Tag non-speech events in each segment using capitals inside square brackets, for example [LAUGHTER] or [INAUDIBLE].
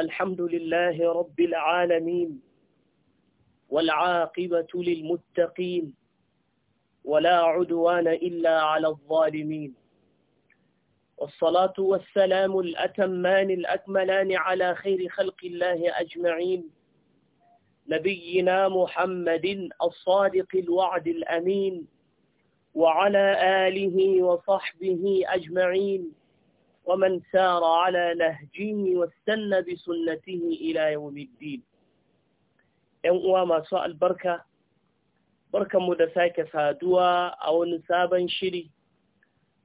الحمد لله رب العالمين والعاقبة للمتقين ولا عدوان إلا على الظالمين والصلاة والسلام الأتمان الأكملان على خير خلق الله أجمعين نبينا محمد الصادق الوعد الأمين وعلى آله وصحبه أجمعين ومن سار على نهجه واستنى بسنته إلى يوم الدين إن أما سؤال بركة بركة مدفاك فادوا أو نسابا شري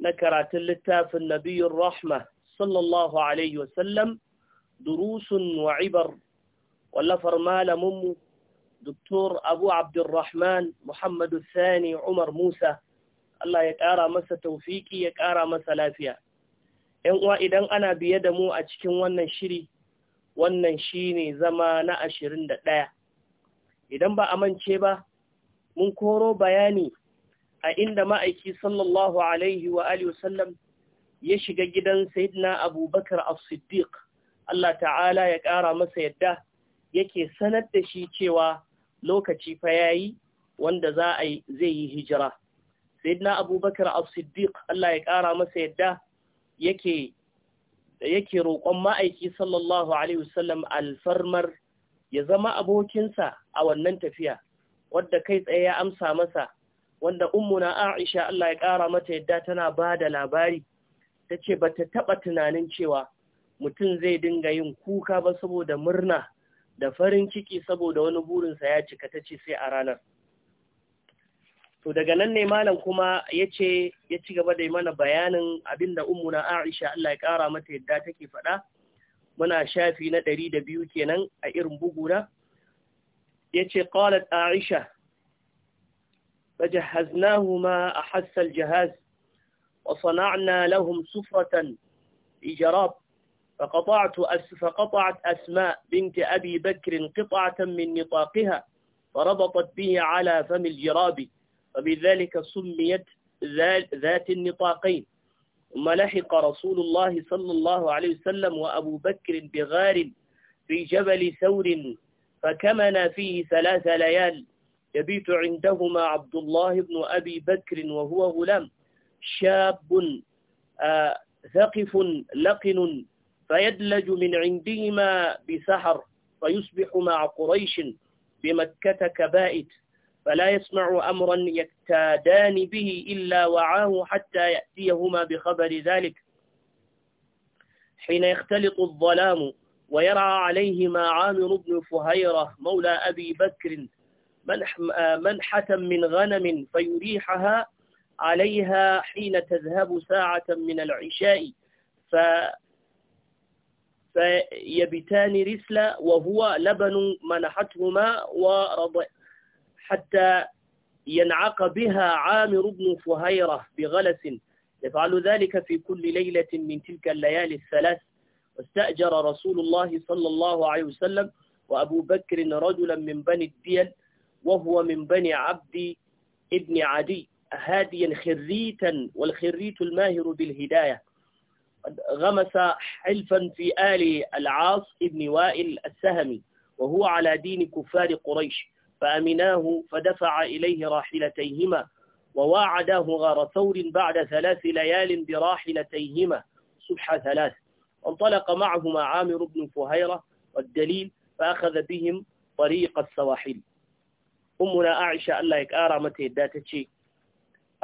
نكرات اللتاف النبي الرحمة صلى الله عليه وسلم دروس وعبر ولا فرمال ممو دكتور أبو عبد الرحمن محمد الثاني عمر موسى الله يكارى مسا توفيكي يكارى مسا لافيا ‘yan uwa idan ana biye da mu a cikin wannan shiri, wannan shi ne zama na ashirin da ɗaya. Idan ba a mance ba, mun koro bayani a inda ma'aiki sallallahu Alaihi wa Alihi ya shiga gidan Sayyidina Abubakar as-Siddiq, Allah ta'ala ya ƙara masa yadda yake sanar da shi cewa lokaci fa yayi wanda za a zai yi hijira. Sayyidina Abubakar as-Siddiq, Allah ya ƙara masa yadda yake yake roƙon ma'aiki sallallahu alaihi wasallam alfarmar ya zama abokinsa a wannan tafiya wadda kai tsaye ya amsa masa wanda ummuna Aisha Allah ya ƙara mata yadda tana ba da labari ta ce ba ta taɓa tunanin cewa mutum zai dinga yin kuka ba saboda murna da farin ciki saboda wani burinsa ya cika ta ce sai a ranar. To daga nan ne malam kuma ya ce ya ci gaba da yi mana bayanin abinda umuna Aisha Allah ya kara mata yadda take faɗa. Muna shafi na ɗari da biyu kenan a irin bugu na. Ya ce, Ƙalat Aisha, ba jahazna huma a hassal jahaz, wa sana'na lahum sufratan ijarab, fa asma binti abi bakrin qita'atan min nitaqiha fa rabatat bihi ala fami jirabi. فبذلك سميت ذات النطاقين ثم لحق رسول الله صلى الله عليه وسلم وأبو بكر بغار في جبل ثور فكمنا فيه ثلاث ليال يبيت عندهما عبد الله بن أبي بكر وهو غلام شاب آه، ثقف لقن فيدلج من عندهما بسحر فيصبح مع قريش بمكة كبائت فلا يسمع أمرا يكتادان به إلا وعاه حتى يأتيهما بخبر ذلك حين يختلط الظلام ويرعى عليهما عامر بن فهيرة مولى أبي بكر منحة من غنم فيريحها عليها حين تذهب ساعة من العشاء ف فيبتان رسلا وهو لبن منحتهما ورضع حتى ينعق بها عامر بن فهيرة بغلس يفعل ذلك في كل ليلة من تلك الليالي الثلاث واستأجر رسول الله صلى الله عليه وسلم وأبو بكر رجلا من بني الديل وهو من بني عبد ابن عدي هاديا خريتا والخريت الماهر بالهداية غمس حلفا في آل العاص ابن وائل السهمي وهو على دين كفار قريش فأمناه فدفع إليه راحلتيهما وواعداه غار ثور بعد ثلاث ليال براحلتيهما صبح ثلاث انطلق معهما عامر بن فهيرة والدليل فأخذ بهم طريق السواحل أمنا عائشة الله يكارا متى داتتشي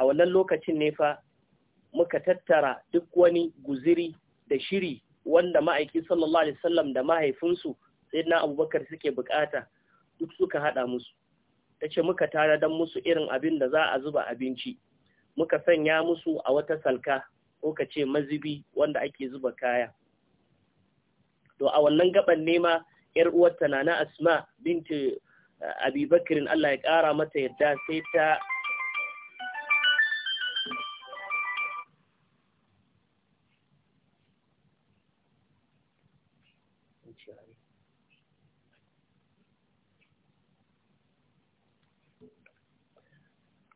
أو اللوكة النفا مكتترى دكواني جزري دشري صلى الله عليه وسلم wasallam فنسو سيدنا أبو بكر سكي بكآته duk suka haɗa musu ta ce muka tara don musu irin abin da za a zuba abinci muka sanya musu a wata salka ko ka ce mazibi wanda ake zuba kaya to a wannan gaban nema yar uwarta na asma binti eh, Abubakar, Allah ya ƙara mata yadda sai ta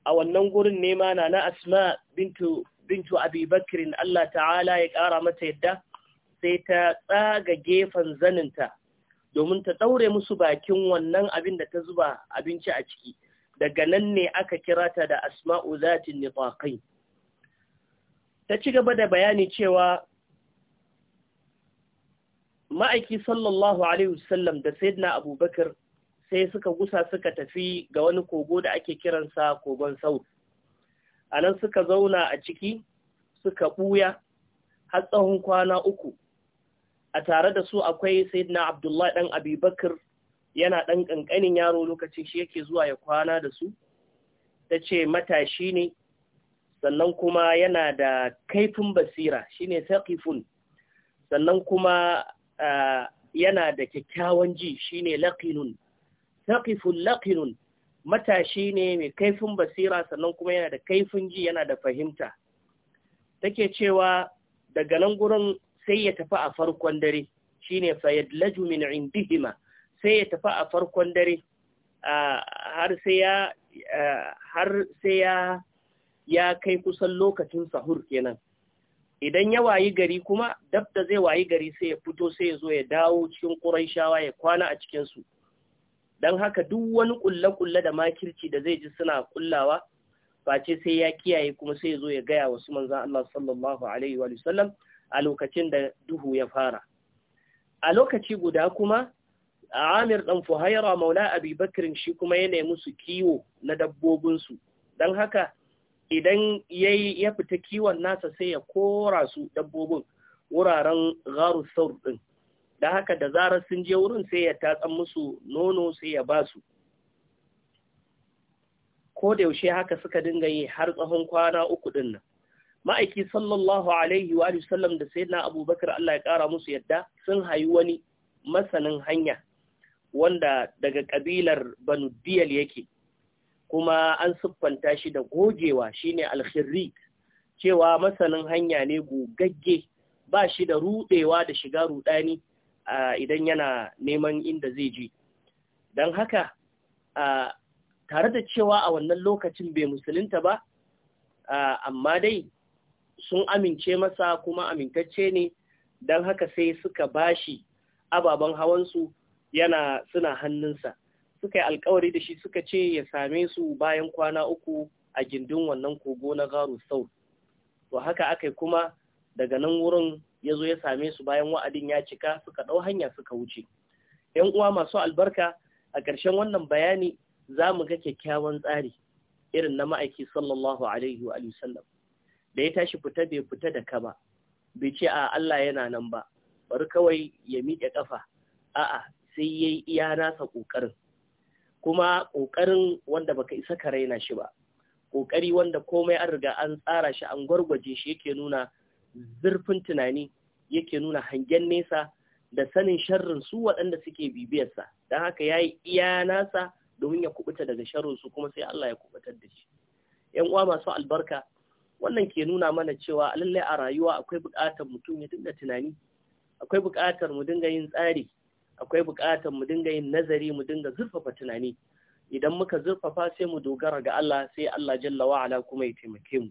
a wannan gurin nema ma na asma bintu bintu Allah ta'ala ya ƙara mata yadda sai ta tsaga gefen zaninta domin ta ɗaure musu bakin wannan abin da ta zuba abinci a ciki daga nan ne aka kira ta da asma'u zatin nifakai ta ci gaba da bayani cewa ma'aiki sallallahu alaihi wasallam da sayyidina abubakar sai suka gusa suka tafi ga wani kogo da ake kiransa kogon saur a nan suka zauna a ciki suka buya. har tsawon kwana uku a tare da su akwai sayyidina abdullahi ɗan abubakar yana ɗan ƙanƙanin yaro lokacin shi yake zuwa ya kwana da su ta ce matashi ne sannan kuma yana da kaifin basira shine saqifun sannan kuma ah, yana da kyakkyawan ji shine laqinun naqiful laqin matashi ne mai kaifin basira sannan kuma yana da kaifin ji yana da fahimta take cewa daga nan gurin sai ya tafi a farkon dare shine fayadlaju min indihima sai ya tafi a farkon dare har sai ya har sai ya ya kai kusan lokacin sahur kenan idan ya wayi gari kuma dab da zai wayi gari sai ya fito sai ya zo ya dawo cikin ƙuraishawa ya kwana a cikinsu don haka duk wani kulle-kulle da makirci da zai ji suna kullawa face sai ya kiyaye kuma sai ya zo ya gaya wasu manzan Allah sallallahu alaihi wa sallam a lokacin da duhu ya fara a lokaci guda kuma Amir dan Fuhaira Maula Abi shi kuma ya nemi su kiwo na dabbobinsu don haka idan ya fita kiwon nasa sai ya kora su dabbobin wuraren gharu ɗin. da haka da zarar sun je wurin sai ya tatsan musu nono sai ya basu ko da yaushe haka suka dinga yi har tsawon kwana uku din nan ma'aiki sallallahu alaihi wa sallam da sayyidina abubakar Allah ya kara musu yadda sun hayi wani masanin hanya wanda daga kabilar banu diyal yake kuma an siffanta shi da gogewa shine alkhirri cewa masanin hanya ne gogagge ba shi da rudewa da shiga rudani idan yana neman inda zai je don haka tare da cewa a wannan lokacin bai musulunta ba amma dai sun amince masa kuma amintacce ne don haka sai suka bashi ababen hawansu yana suna hannunsa suka yi alkawari da shi suka ce ya same su bayan kwana uku a gindin wannan kogo na garu sau to haka aka kuma daga nan wurin ya zo ya same su bayan wa'adin ya cika suka ɗau hanya suka wuce. ‘Yan uwa masu albarka a ƙarshen wannan bayani za mu ga kyakkyawan tsari irin na ma'aiki sallallahu alaihi wa sallam da ya tashi fita bai fita da ka ba, bai ce a Allah yana nan ba, bari kawai ya miƙe ƙafa, a'a sai ya yi iya nasa ƙoƙarin. Kuma ƙoƙarin wanda baka isa ka raina shi ba, ƙoƙari wanda komai an riga an tsara shi an gwargwaje shi yake nuna zurfin tunani yake nuna hangen nesa da sanin sharrin su waɗanda suke bibiyarsa don haka ya yi iya nasa domin ya kubuta daga sharrin su kuma sai Allah ya kubutar da shi yan uwa masu albarka wannan ke nuna mana cewa lallai a rayuwa akwai buƙatar mutum ya dinga tunani akwai buƙatar mu dinga yin tsari akwai buƙatar mu dinga yin nazari mu dinga zurfafa tunani idan muka zurfafa sai mu dogara ga Allah sai Allah jalla wa'ala kuma ya taimake mu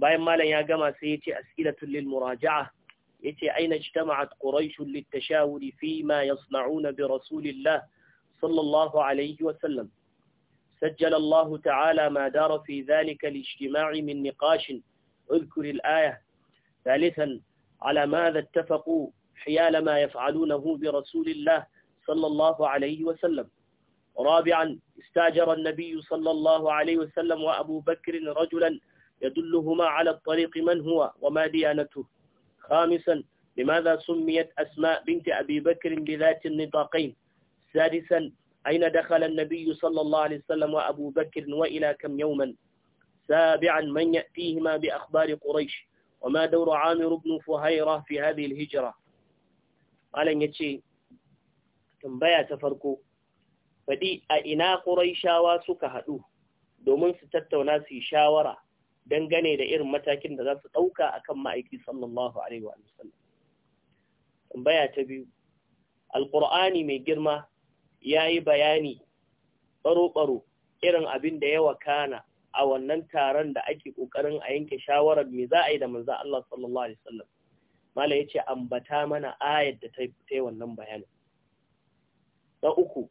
bayan malam ya gama sai yace as'ilatul lil muraja'a yace aina ijtama'at quraish lit tashawur fi ma yasna'una bi rasulillah sallallahu wa sallam سجل الله تعالى ما دار في ذلك الاجتماع من نقاش اذكر الآية ثالثا على ماذا اتفقوا حيال ما يفعلونه برسول الله صلى الله عليه وسلم رابعا استاجر النبي صلى الله عليه وسلم وأبو بكر رجلا يدلهما على الطريق من هو وما ديانته خامسا لماذا سميت أسماء بنت أبي بكر بذات النطاقين سادسا أين دخل النبي صلى الله عليه وسلم وأبو بكر وإلى كم يوما سابعا من يأتيهما بأخبار قريش وما دور عامر بن فهيرة في هذه الهجرة قال يتشي تنبيا تفرقوا فدي أئنا قريشا واسك هدوه domin su tattauna dangane da irin matakin da za su ɗauka a kan ma'aiki sallallahu Alaihi wa sallam. Tambaya ta biyu, Alƙur'ani mai girma ya yi bayani ɓaro-ɓaro irin abin da yawa wakana a wannan taron da ake ƙoƙarin a yanke shawarar me za a yi da manzan Allah sallallahu Alaihi wasallam. Mala ya ce, ambata mana ayar da ta yi wannan bayanin. Na uku,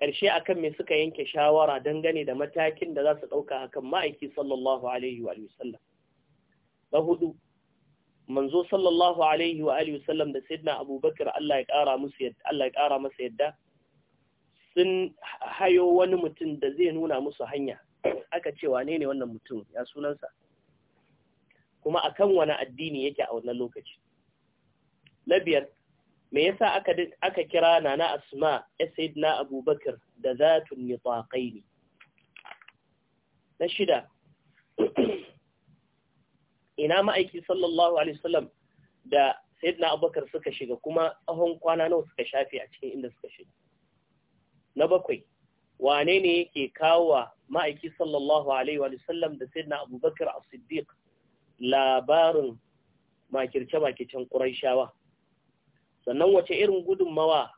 ƙarshe akan me suka yanke shawara dangane da matakin da za su ɗauka akan ma'aiki sallallahu alaihi wa sallam na hudu manzo sallallahu alaihi wa alihi da Sidna abubakar Allah ya ƙara yadda Allah ya ƙara masa yadda sun hayo wani mutum da zai nuna musu hanya aka ce wane ne wannan mutum ya sunansa kuma akan wani addini yake a wannan lokaci na biyar me yasa aka aka kira nana asma sayyidina abubakar da zatun ne? na shida [CLEARS THROAT] ina ma'aiki sallallahu alaihi wasallam da sayyidina abubakar suka shiga kuma tsahon kwana nawa suka shafe a cikin inda suka shiga na bakwai wane ne yake kawo ma'aiki sallallahu alaihi wasallam da sayyidina abubakar as-siddiq labarin makirce-makircen ƙuraishawa sannan wace irin gudunmawa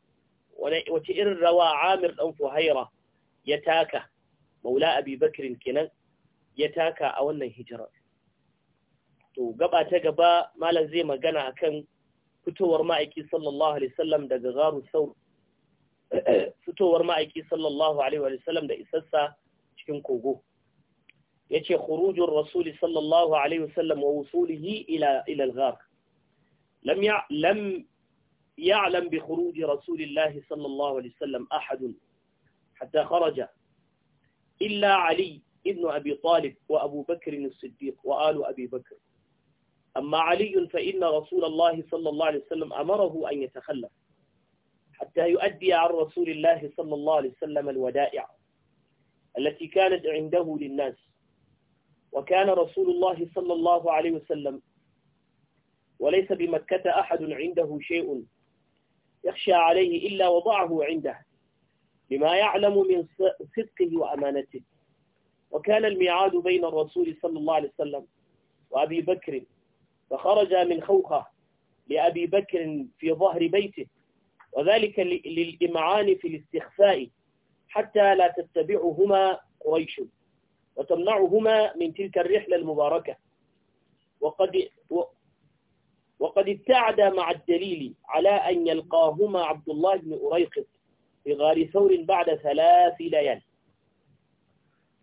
wace irin rawa amir ɗan fuhaira ya taka maula abi bakirin kenan ya taka a wannan hijirar to gaba ta gaba malam zai magana akan fitowar ma'aiki sallallahu alaihi wasallam daga garu sau [CLEARS THROAT] fitowar ma'aiki sallallahu alaihi wasallam da isassa cikin kogo yace khurujur rasul sallallahu alaihi wasallam wa wusulihi ila ila al-ghar lam ya lam يعلم بخروج رسول الله صلى الله عليه وسلم أحد حتى خرج إلا علي ابن أبي طالب وأبو بكر الصديق وآل أبي بكر أما علي فإن رسول الله صلى الله عليه وسلم أمره أن يتخلف حتى يؤدي عن رسول الله صلى الله عليه وسلم الودائع التي كانت عنده للناس وكان رسول الله صلى الله عليه وسلم وليس بمكة أحد عنده شيء يخشى عليه إلا وضعه عنده بما يعلم من صدقه وأمانته وكان الميعاد بين الرسول صلى الله عليه وسلم وأبي بكر فخرج من خوخه لأبي بكر في ظهر بيته وذلك للإمعان في الاستخفاء حتى لا تتبعهما قريش وتمنعهما من تلك الرحلة المباركة وقد وقد ابتعد مع الدليل على أن يلقاهما عبد الله بن أريقط في غار ثور بعد ثلاث ليال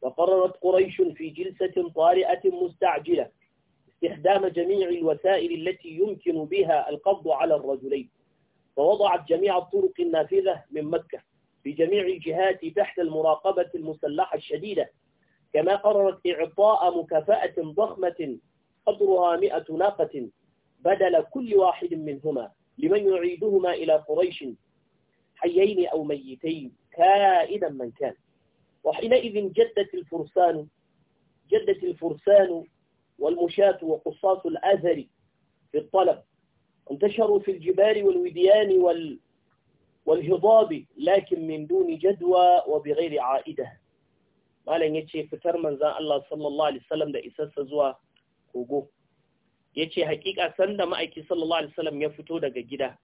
فقررت قريش في جلسة طارئة مستعجلة استخدام جميع الوسائل التي يمكن بها القبض على الرجلين فوضعت جميع الطرق النافذة من مكة في جميع الجهات تحت المراقبة المسلحة الشديدة كما قررت إعطاء مكافأة ضخمة قدرها مئة ناقة بدل كل واحد منهما لمن يعيدهما إلى قريش حيين أو ميتين كائدا من كان وحينئذ جدت الفرسان جدت الفرسان والمشاة وقصاص الأثر في الطلب انتشروا في الجبال والوديان وال والهضاب لكن من دون جدوى وبغير عائدة ما لن يتشي فتر من ذا الله صلى الله عليه وسلم ده إساس زوا kogo ya ce haƙiƙa sanda ma'aiki sallallahu alaihi wasallam ya fito daga gida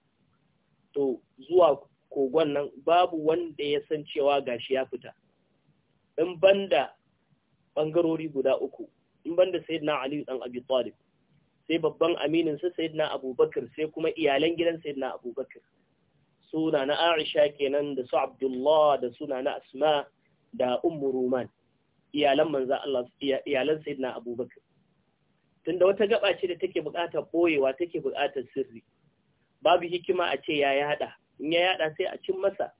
to zuwa kogon nan babu wanda ya san cewa gashi ya fita in banda bangarori guda uku in banda sayyidina Ali dan Abi Talib sai babban aminin sa sayyidina Abubakar sai kuma iyalan gidan sayyidina Abubakar suna na Aisha kenan da su Abdullah da suna na Asma da Ummu Ruman iyalan manzo Allah iyalan sayyidina Abubakar tunda wata gaba ce da take buƙatar ɓoyewa take buƙatar sirri babu hikima a ce ya yada, in ya yada sai a cin masa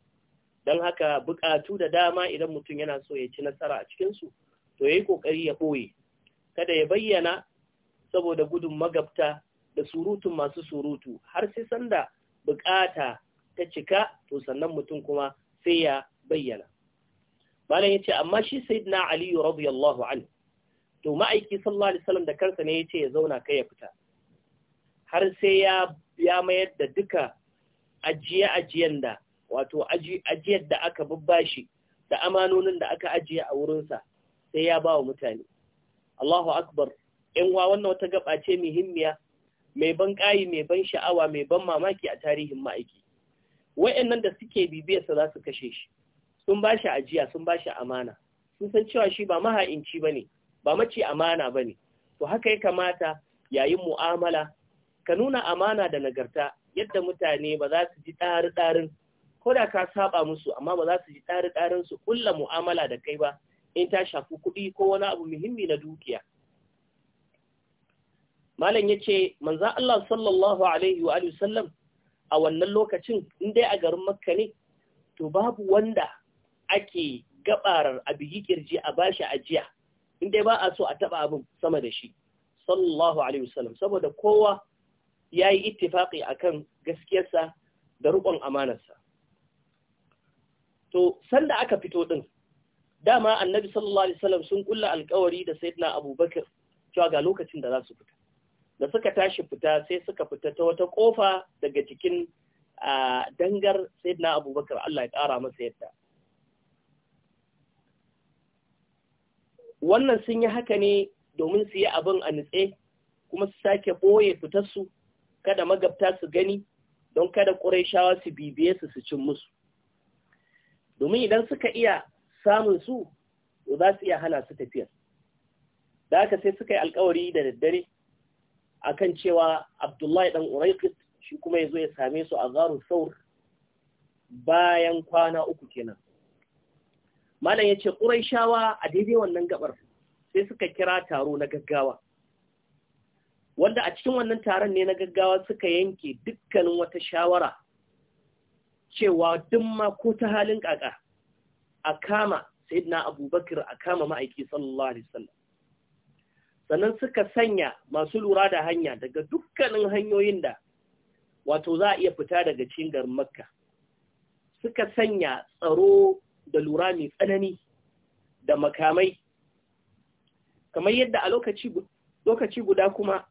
don haka buƙatu da dama idan mutum yana so ya ci nasara a cikinsu to ya yi ƙoƙari ya ɓoye kada ya bayyana saboda gudun magabta da surutun masu surutu har sai sanda buƙata ta cika to sannan mutum kuma sai ya bayyana malam ya ce amma shi sayyidina aliyu radiyallahu anhu to ma'aiki sallallahu alaihi wasallam da kansa ne yace ya zauna kai ya fita har sai ya ya mayar da duka ajiye ajiyen da wato ajiyar da aka babbashi da amanonin da aka ajiye a wurin sa sai ya ba wa mutane Allahu akbar in wa wannan wata gaba ce muhimmiya mai ban ƙayi mai ban sha'awa mai ban mamaki a tarihin ma'aiki wayannan da suke bibiyarsa za su kashe shi sun ba shi ajiya sun ba shi amana sun san cewa shi ba maha'inci ba ba mace amana ba ne to haka ya kamata yayin mu'amala ka nuna amana da nagarta yadda mutane ba za su ji ɗari-ɗarin ko da ka saba musu amma ba za su ji ɗari-ɗarin su kulla mu'amala da kai ba in ta shafi kuɗi ko wani abu muhimmi na dukiya malam ya ce manzan Allah sallallahu alaihi wa sallam a wannan lokacin in dai a garin makka ne to babu wanda ake gabarar abiyi kirji a bashi ajiya in dai ba a so a taba abin sama da shi sallallahu alaihi wasallam saboda kowa yayi ittifaqi akan gaskiyarsa da riƙon amanarsa to sanda aka fito din dama annabi sallallahu alaihi wasallam sun kulla alkawari da sayyidina abubakar cewa ga lokacin da za su fita da suka tashi fita sai suka fita ta wata kofa daga cikin ah, dangar sayyidina abubakar Allah ya kara masa yadda wannan sun yi haka ne domin su yi abin a nutse kuma su sake ɓoye fitarsu kada magabta su gani don kada ƙuraishawa su bibiye su su cin musu domin idan suka iya samun su za su iya hana su tafiya. da haka sai suka yi alkawari da daddare a kan cewa abdullahi Ɗan uraikit shi kuma ya zo ya same su a zarun saur bayan kwana uku kenan malam yace quraishawa a daidai wannan gabar sai suka kira taro na gaggawa wanda a cikin wannan taron ne na gaggawa suka yanke dukkanin wata shawara cewa duk ma ko ta halin kaka a kama sayyidina abubakar a kama ma'aiki sallallahu alaihi wasallam sannan suka sanya masu lura da hanya daga dukkanin hanyoyin da wato za a iya fita daga cikin garin makka suka sanya tsaro da lura mai tsanani da makamai kamar yadda a lokaci guda kuma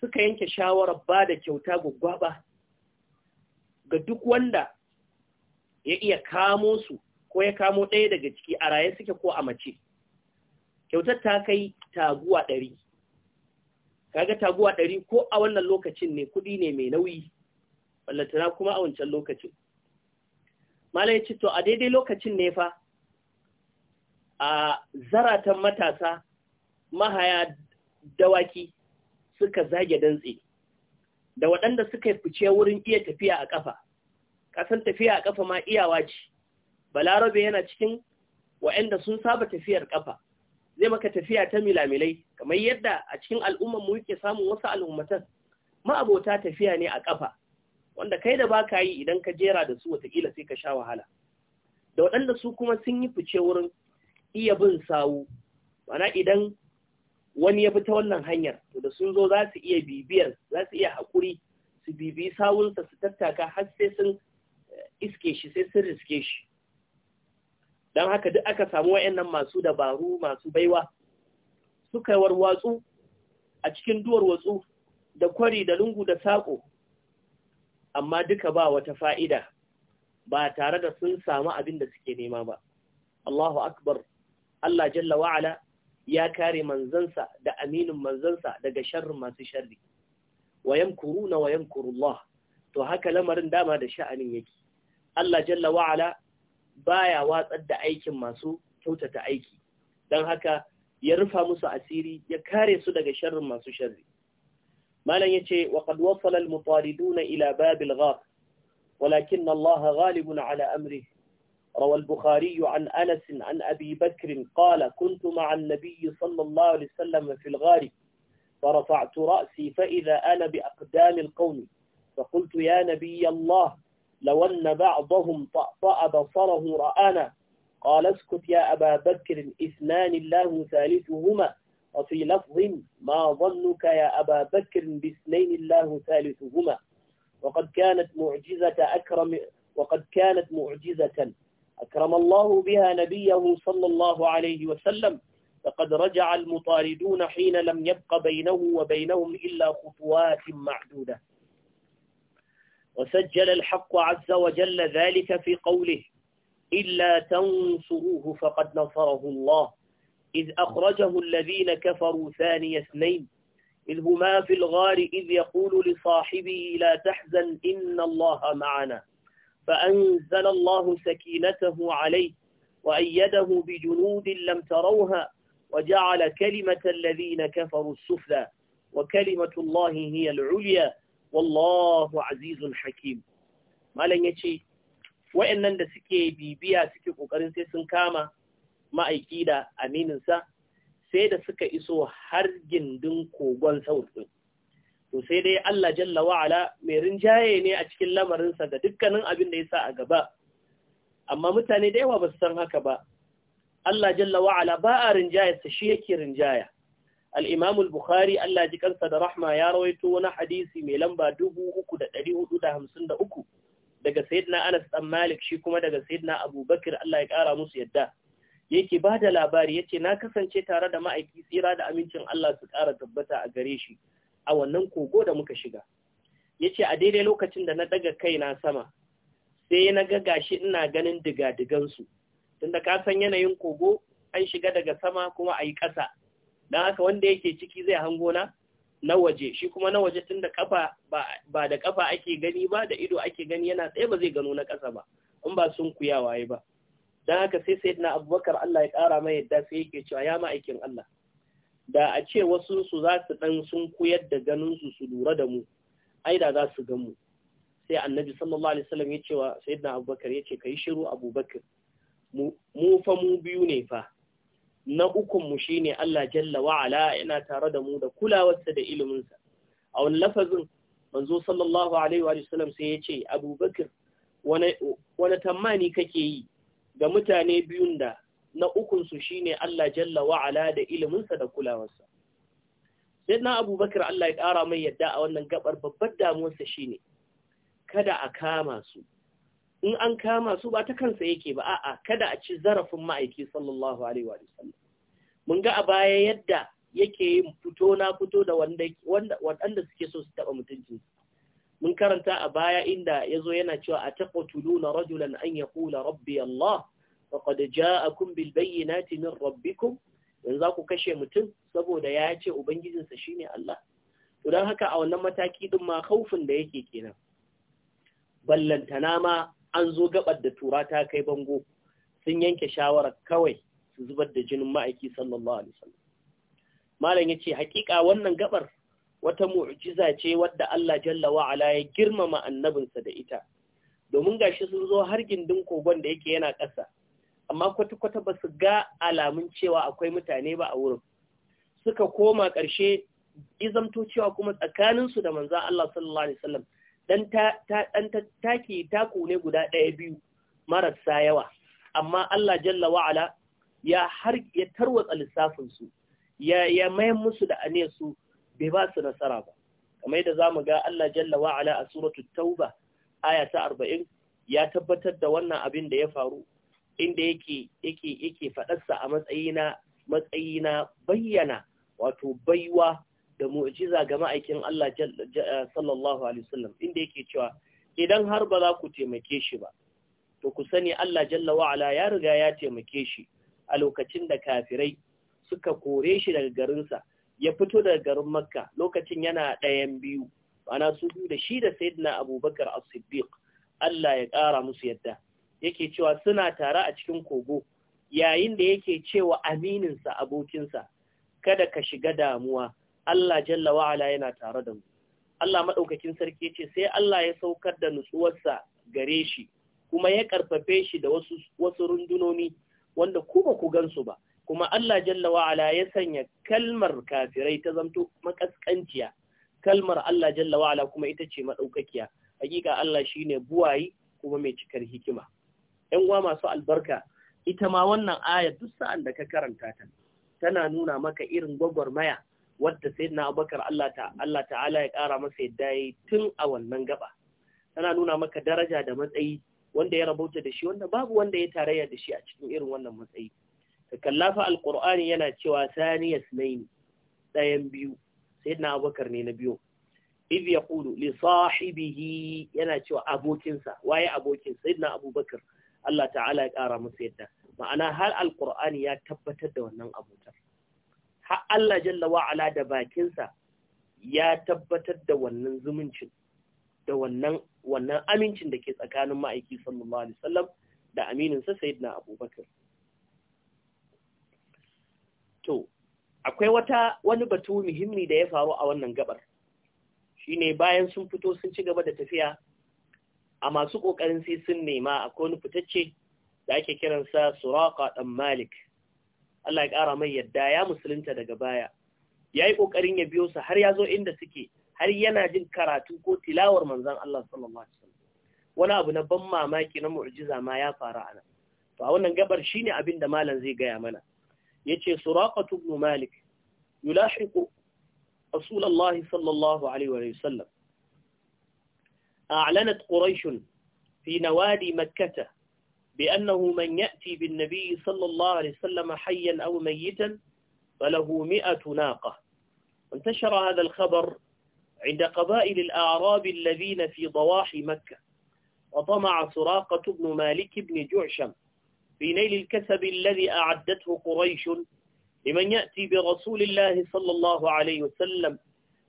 suka yanke shawarar ba da kyauta ba. ga duk wanda ya iya kamo su ko ya kamo ɗaya daga ciki a raye suke ko a mace kyautar ta kai taguwa ɗari kaga taguwa ɗari ko a wannan lokacin ne kuɗi ne mai nauyi ballatana kuma a wancan lokacin Mala ya ce, To, a daidai lokacin ne fa, a zaratan matasa mahaya dawaki suka zage dantse, da waɗanda suka fice wurin iya tafiya a ƙafa, ƙasan tafiya a ƙafa ma iyawa ce, Balarabe yana cikin waɗanda sun saba tafiyar ƙafa, zai maka tafiya ta milamilai, kamar yadda a cikin al'ummar mu yake samun wasu al'ummatan, ma'abota tafiya ne a ƙafa. wanda kai da baka yi idan ka jera da su watakila sai ka sha wahala da waɗanda su kuma sun yi fice wurin iya bin sawu mana idan wani ya fita ta wannan hanyar to da sun zo za su iya bibiyar za su iya haƙuri su bibi sawunsa su tattaka har sai sun eh, iske shi sai sun riske shi don haka duk aka samu wa'annan masu dabaru masu baiwa suka warwatsu a cikin duwar watsu da kwari da lungu da saƙo amma duka ba wata fa'ida ba tare da sun samu abin da suke nema ba. Allahu Akbar, Allah Jalla wa'ala ya kare manzansa da aminin manzansa daga sharrin masu sharri. Wayan kuru na wayan kurullah, to haka lamarin dama da sha'anin yake. Allah Jalla wa'ala ba ya watsar da aikin masu kyautata aiki, don haka ya rufa musu asiri ya kare su daga sharrin masu sharri. مالا يتي وقد وصل المطاردون إلى باب الغار ولكن الله غالب على أمره روى البخاري عن أنس عن أبي بكر قال كنت مع النبي صلى الله عليه وسلم في الغار فرفعت رأسي فإذا أنا بأقدام القوم فقلت يا نبي الله لو أن بعضهم طأطأ بصره رآنا قال اسكت يا أبا بكر اثنان الله ثالثهما وفي لفظ ما ظنك يا أبا بكر باثنين الله ثالثهما وقد كانت معجزة أكرم وقد كانت معجزة أكرم الله بها نبيه صلى الله عليه وسلم فقد رجع المطاردون حين لم يبق بينه وبينهم إلا خطوات معدودة وسجل الحق عز وجل ذلك في قوله إلا تنصروه فقد نصره الله إذ أخرجه الذين كفروا ثاني اثنين إذ هما في الغار إذ يقول لصاحبه لا تحزن إن الله معنا فأنزل الله سكينته عليه وأيده بجنود لم تروها وجعل كلمة الذين كفروا السفلى وكلمة الله هي العليا والله عزيز حكيم ما لن يتشي وإن da suke bibiya suke kokarin sai sun ma'aiki da sa sai da suka iso har gindin kogon saurin. To sai dai Allah jalla wa'ala mai rinjaye ne a cikin lamarinsa ga dukkanin abin da ya sa a gaba. Amma mutane da yawa ba su san haka ba. Allah jalla wa'ala ba a sa shi yake rinjaya. Al’imam al-Bukhari Allah ji kansa da rahma ya rawaito wani hadisi mai lamba 3,453 daga Sayyidina Anas ɗan Malik shi kuma daga Sayyidina Abubakar Allah ya kara musu yadda. yake ba da labari yace na kasance tare da ma'aiki tsira da amincin Allah su ƙara tabbata a gare shi a wannan kogo da muka shiga yace a daidai lokacin da na daga na sama sai na ga gashi ina ganin digadigan su tunda ka san yanayin kogo an shiga daga sama kuma ayi ƙasa dan haka wanda yake ciki zai hango na na waje shi kuma na waje tunda kafa ba da kafa ake gani ba da ido ake gani yana tsaye ba zai gano na ƙasa ba in ba sun kuyawa ba don haka sai sai abubakar Allah ya ƙara mai yadda sai yake cewa ya ma'aikin Allah da a ce wasu su za su ɗan sun koyar da ganinsu su lura da mu ai da za su mu sai annabi sallallahu alaihi wasallam ya ce wa sayyidina abubakar ya ce kai shiru abubakar mu fa mu biyu ne fa na ukun mu shine Allah jalla wa ala yana tare da mu da kulawarsa da iliminsa a wani lafazin manzo sallallahu alaihi wasallam sai ya ce abubakar wani tamani kake yi ga mutane biyun da na ukunsu shine Allah jalla wa'ala da iliminsa da kulawarsa. Sai na abubakar Allah ya ƙara mai yadda a wannan gabar babbar damuwarsa shine kada a kama su. In an kama su ba ta kansa yake ba, a'a kada a ci zarafin ma'aiki sallallahu Alaihi wa sallam. Mun ga a baya yadda yake yin fito na fito da wanda suke so su taɓa mutuncinsu. mun karanta a baya inda yazo yana cewa a ataqtuluna rajulan an yaqula rabbi Allah faqad ja'akum bil bayyinati min rabbikum yanzu ku kashe mutum saboda ya ce ubangijinsa shine Allah to dan haka a wannan mataki din ma kaufin da yake kenan ballantana ma an zo gabar da tura ta kai bango sun yanke shawarar kawai su zubar da jinin ma'aiki sallallahu alaihi wasallam malam yace hakika wannan gabar wata mu'jiza ce wadda Allah jalla wa'ala ya girmama annabinsa da ita domin gashi sun zo har gindin kogon da yake yana ƙasa amma kwata-kwata ba su ga alamun cewa akwai mutane ba a wurin suka koma ƙarshe izamto cewa kuma tsakaninsu da manzo Allah sallallahu alaihi wasallam dan ta taki taku ne guda ɗaya biyu marasa yawa amma Allah jalla wa'ala ya har ya tarwatsa lissafinsu ya ya mayar musu da aniyarsu bai ba su nasara ba kamar yadda zamu ga Allah jalla wa ala a suratul tauba aya ta 40 ya tabbatar da wannan abin da ya faru inda yake yake yake fadarsa a matsayina matsayina bayyana wato baiwa da mu'jiza ga ma'aikin Allah eh, sallallahu alaihi wasallam inda yake cewa idan har ba za ku taimake shi ba to ku sani Allah jalla wa ala ya riga ya taimake shi a lokacin da kafirai suka kore shi daga garinsa ya fito daga garin makka lokacin yana ɗayan biyu ana su biyu da shi da sayyidina abubakar as-siddiq Allah ya ƙara musu yadda yake cewa suna tare a cikin kogo yayin da yake cewa amininsa abokinsa kada ka shiga damuwa Allah jalla wa'ala yana tare da mu Allah maɗaukakin sarki ce sai Allah ya saukar da nutsuwarsa gare shi kuma ya ƙarfafe shi da wasu, wasu rundunoni wanda kuma ku gansu ba kuma Allah jalla wa'ala ya sanya kalmar kafirai ta zamto makaskanciya kalmar Allah jalla wa'ala kuma ita ce maɗaukakiya. hakika Allah shine buwayi kuma mai cikar hikima ƴan uwa masu albarka ita ma wannan aya duk sa'an da ka karanta ta tana nuna maka irin gwagwarmaya wadda sayyidina Abubakar Allah ta Allah ta'ala ya ƙara masa yadda yayi tun a wannan gaba tana nuna maka daraja da matsayi wanda ya rabauta da shi wanda babu wanda ya tarayya da shi a cikin irin wannan matsayi kallafa kalla yana cewa sani naini dayan biyu sayyidina abubakar ne na biyu idh yaqulu li sahibihi yana cewa abokinsa waye abokin sayyidina abubakar Allah ta'ala ya kara masa yadda ma'ana har alqur'ani ya tabbatar da wannan abokar har Allah jalla wa da bakinsa ya tabbatar da wannan zumuncin da wannan wannan amincin da ke tsakanin ma'aiki sallallahu alaihi wasallam da amininsa sayyidina abubakar to akwai wata wani batu muhimmi da ya faru a wannan gabar shine bayan sun fito sun ci gaba da tafiya a masu ƙoƙarin sai sun nema akwai wani fitacce da ake kiransa suraka ɗan malik Allah ya ƙara mai yadda ya musulunta daga baya ya yi ƙoƙarin ya biyo su har ya zo inda suke har yana jin karatu ko tilawar manzan Allah sallallahu alaihi wani abu na ban mamaki na mu'jiza ma ya faru a nan to a wannan gabar shine abin da malam zai gaya mana سراقة بن مالك يلاحق رسول الله صلى الله عليه وسلم أعلنت قريش في نوادي مكة بأنه من يأتي بالنبي صلى الله عليه وسلم حيا أو ميتا فله مئة ناقة انتشر هذا الخبر عند قبائل الأعراب الذين في ضواحي مكة وطمع سراقة بن مالك بن جعشم في نيل الكسب الذي أعدته قريش لمن يأتي برسول الله صلى الله عليه وسلم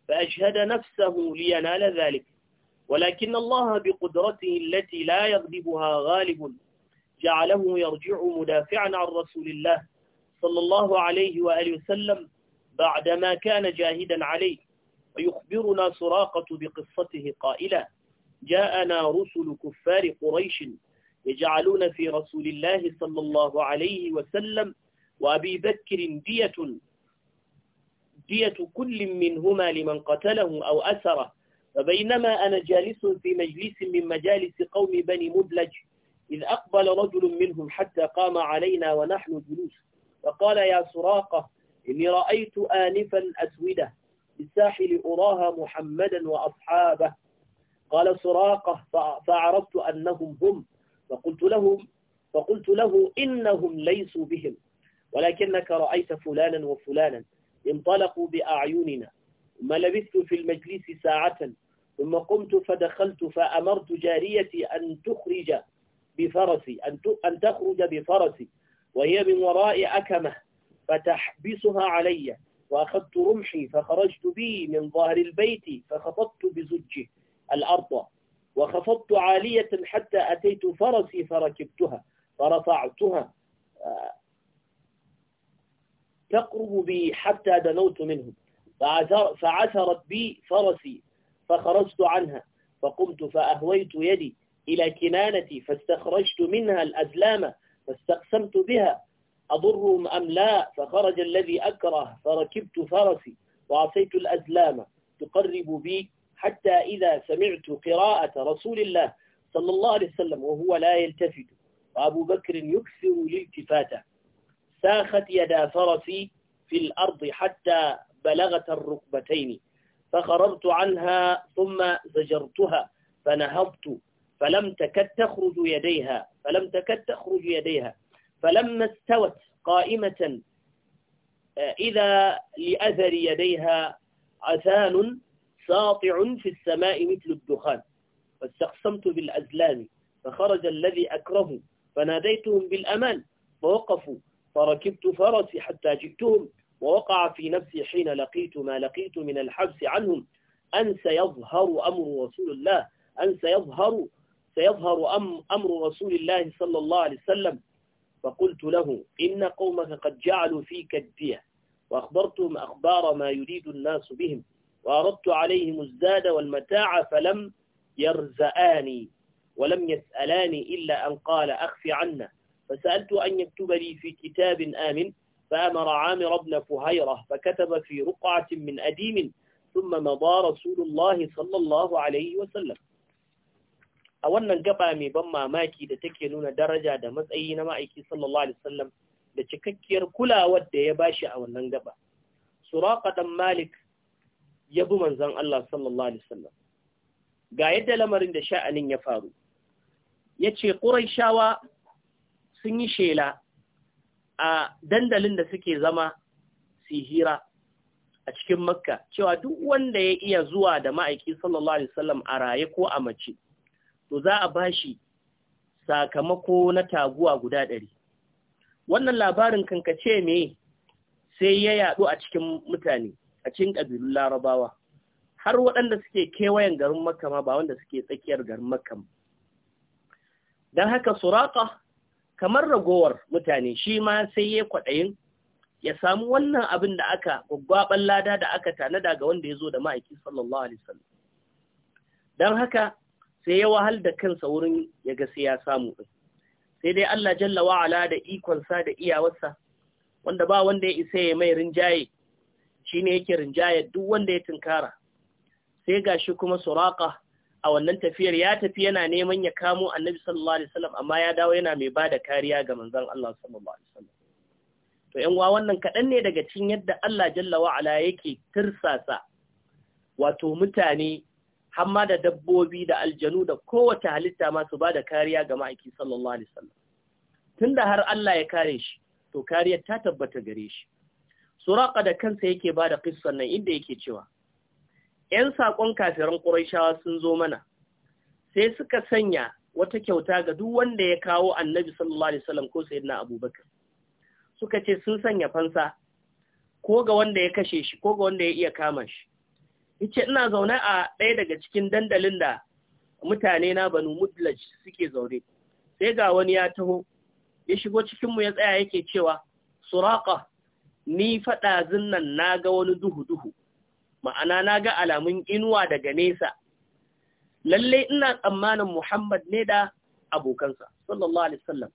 فأجهد نفسه لينال ذلك ولكن الله بقدرته التي لا يغلبها غالب جعله يرجع مدافعا عن رسول الله صلى الله عليه وآله وسلم بعدما كان جاهدا عليه ويخبرنا سراقة بقصته قائلا جاءنا رسل كفار قريش يجعلون في رسول الله صلى الله عليه وسلم وأبي بكر دية دية كل منهما لمن قتله أو أسره فبينما أنا جالس في مجلس من مجالس قوم بني مدلج إذ أقبل رجل منهم حتى قام علينا ونحن جلوس فقال يا سراقة إني رأيت آنفا أسودة بالساحل أراها محمدا وأصحابه قال سراقة فعرفت أنهم هم فقلت لهم فقلت له إنهم ليسوا بهم ولكنك رأيت فلانا وفلانا انطلقوا بأعيننا ما لبثت في المجلس ساعة ثم قمت فدخلت فأمرت جاريتي أن تخرج بفرسي أن تخرج بفرسي وهي من وراء أكمة فتحبسها علي وأخذت رمحي فخرجت بي من ظهر البيت فخططت بزجه الأرض وخفضت عالية حتى أتيت فرسي فركبتها فرفعتها تقرب بي حتى دنوت منهم فعثرت بي فرسي فخرجت عنها فقمت فأهويت يدي إلى كنانتي فاستخرجت منها الأزلام فاستقسمت بها أضرهم أم لا فخرج الذي أكره فركبت فرسي وعصيت الأزلام تقرب بي حتى إذا سمعت قراءة رسول الله صلى الله عليه وسلم وهو لا يلتفت وأبو بكر يكثر الالتفاتة ساخت يدا فرسي في الأرض حتى بلغت الركبتين فخرجت عنها ثم زجرتها فنهضت فلم تكد تخرج يديها فلم تكد تخرج يديها فلما استوت قائمة آه، إذا لأثر يديها عثان ساطع في السماء مثل الدخان فاستقسمت بالأزلام فخرج الذي أكره فناديتهم بالأمان فوقفوا فركبت فرسي حتى جئتهم ووقع في نفسي حين لقيت ما لقيت من الحبس عنهم أن سيظهر أمر رسول الله أن سيظهر سيظهر أم أمر رسول الله صلى الله عليه وسلم فقلت له إن قومك قد جعلوا فيك الدية وأخبرتهم أخبار ما يريد الناس بهم وأردت عليهم الزاد والمتاع فلم يرزآني ولم يسألاني إلا أن قال أخفي عنا فسألت أن يكتب لي في كتاب آمن فأمر عامر بن فهيرة فكتب في رقعة من أديم ثم مضى رسول الله صلى الله عليه وسلم أولا قبع gaba بما ماكي mamaki da درجة nuna daraja da صلى الله عليه وسلم alaihi wasallam da cikakkiyar kulawar da ya bashi ya bi manzan Allah sallallahu Alaihi wasallam. Ga yadda lamarin da sha'anin ya faru, ya ce shawa sun yi shela a dandalin da suke zama su hira a cikin Makka, cewa duk wanda ya iya zuwa da ma'aiki sallallahu Alaihi wasallam a raye ko a mace, to za a bashi sakamako na taguwa guda ɗari. Wannan labarin kankace me sai ya yadu a cikin mutane. a cikin ƙabilun larabawa har waɗanda suke kewayen garin makka ma ba wanda suke tsakiyar garin makka don haka suraka kamar ragowar mutane shi ma sai ya kwaɗayin ya samu wannan abin da aka gwaggwaɓar lada da aka tanada ga wanda ya zo da ma'aiki sallallahu alaihi wasallam don haka sai ya wahal da kansa wurin ya ga sai ya samu sai dai Allah jalla wa'ala da ikonsa da iyawarsa wanda ba wanda ya isa ya mai rinjaye Shi ne yake rinjaya duk wanda ya tunkara sai gashi kuma suraka a wannan tafiyar ya tafi yana neman ya kamo annabi sallallahu alaihi wasallam amma ya dawo yana mai bada kariya ga manzon Allah sallallahu alaihi wasallam to yan wa wannan kadan ne daga cikin yadda Allah jalla wa ala yake tirsasa wato mutane hamma da dabbobi da aljanu da kowace halitta ma su da kariya ga ma'aiki sallallahu alaihi wasallam tunda har Allah ya kare shi to kariyar ta tabbata gare shi suraka da kansa yake ba da kissan nan inda yake cewa ‘yan saƙon kafirin ƙuraishawa sun zo mana sai suka sanya wata kyauta ga duk wanda ya kawo annabi sallallahu alaihi wasallam ko sayyidina abubakar suka ce sun sanya fansa ko ga wanda ya kashe shi ko ga wanda ya iya kama shi yace ina zaune a ɗaya daga cikin dandalin da mutane na banu mudlaj suke zaune sai ga wani ya taho ya shigo cikin mu ya tsaya yake cewa suraka ni faɗazin nan na ga wani duhu-duhu, ma'ana na ga alamun inuwa daga nesa, lalle ina tsammanin Muhammad ne da abokansa, sallallahu Alaihi wasallam.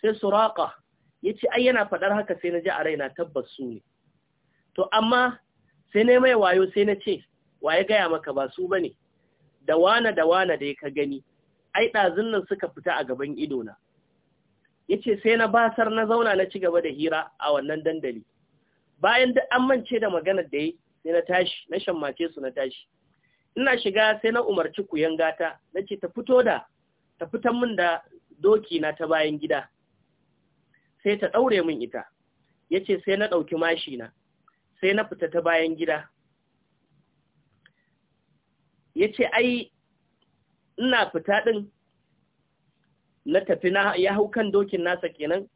Sai Suraka ya ce, ai yana faɗar haka sai na ji a raina tabbas su ne. To, amma sai na mai wayo sai na ce, waye gaya maka ba su ba ne, Dawana, da ya ka gani, ai ɗazin nan suka fita a gaban idona. yace sai na basar na zauna na ci gaba da hira a wannan dandali bayan da an mance da maganar da yi sai na tashi na shammace su na tashi ina shiga sai na umarci kuyan gata na ce ta fito da ta fitan min da doki na ta bayan gida sai ta ɗaure min ita ya ce sai na ɗauki mashi na sai na fita ta bayan gida ya ce ai ina fita ɗin na tafi na ya hau kan dokin nasa kenan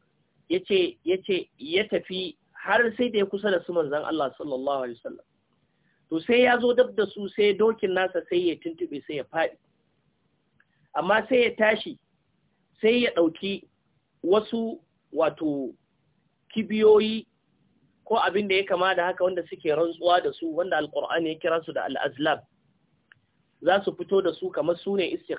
yace yace ya tafi har sai da ya kusa da su manzon Allah sallallahu alaihi wasallam to sai ya zo dab da su sai dokin nasa sai ya tuntube sai ya faɗi amma sai ya tashi sai ya ɗauki wasu wato kibiyoyi ko abin da ya kama da haka wanda suke rantsuwa da su wanda alkur'ani ya kira su da al'azlam za su fito da su kamar su ne su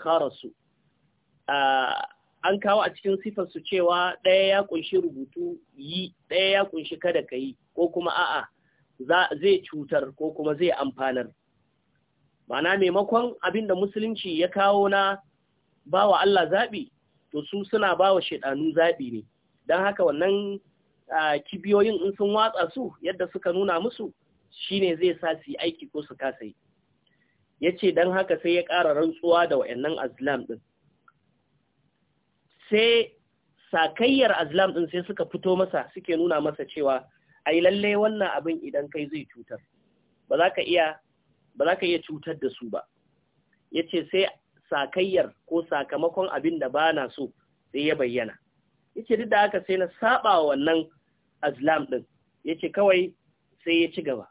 an kawo a cikin sifar su cewa ɗaya ya kunshi rubutu yi ɗaya ya kunshi kada ka yi ko kuma a'a zai cutar ko kuma zai amfanar mana maimakon abin da musulunci ya kawo na ba wa Allah zaɓi to su suna ba wa shaidanu zaɓi ne don haka wannan kibiyoyin in sun watsa su yadda suka nuna musu shine zai sa su yi aiki ko su kasa yi ya ce don haka sai ya ƙara rantsuwa da wa'annan azlam ɗin sai sakayyar azlam din sai suka fito masa suke nuna masa cewa ai lalle wannan abin idan kai zai cutar ba za ka iya ba za ka iya cutar da su ba yace sai sakayyar ko sakamakon abin da bana so sai ya bayyana yace duk da haka sai na saba wannan azlam ɗin yace kawai sai ya ci gaba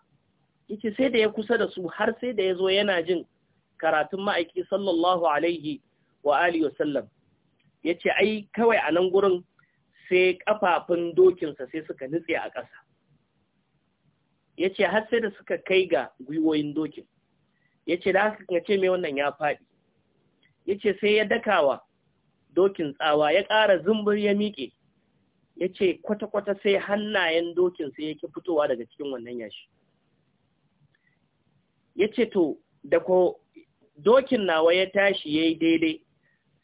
yace sai da ya kusa da su har sai da ya zo yana jin karatun ma'aiki sallallahu alaihi wa alihi wasallam ya ce ai kawai a nan gurin sai kafafun dokinsa sai suka nutse a ƙasa ya ce har sai da suka kai ga gwiwoyin dokin ya ce da haka ka ce mai wannan ya faɗi ya ce sai ya dakawa dokin tsawa ya ƙara zumbur ya miƙe ya ce kwata-kwata sai hannayen dokin sai yake fitowa daga cikin wannan yashi ya ce to da ko dokin nawa ya tashi ya yi daidai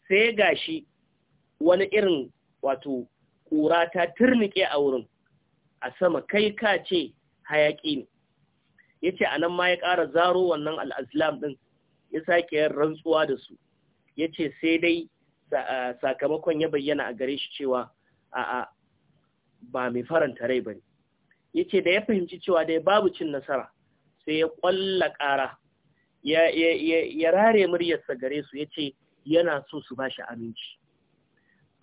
sai ga shi wani irin wato ƙura ta turnike a wurin a sama kai ka ce hayaƙi ne ya ce a nan ma ya ƙara zaro wannan al'azlam ɗin ya sake yin rantsuwa da su ya ce sai dai sakamakon ya bayyana a gare shi cewa a'a ba mai faranta rai ba ne ya ce da ya fahimci cewa dai babu cin nasara sai ya ƙwalla ƙara ya rare muryarsa gare su ya ce yana so su ba shi aminci